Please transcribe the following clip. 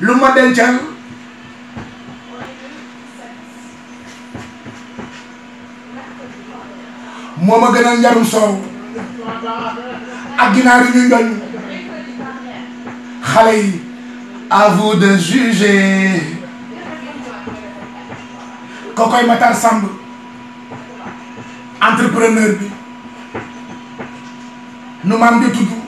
Luma ma dencal moo ma soow ak ginaar ñu yi à vous de juger kokoy Matar Samb entrepreneur bi nu maam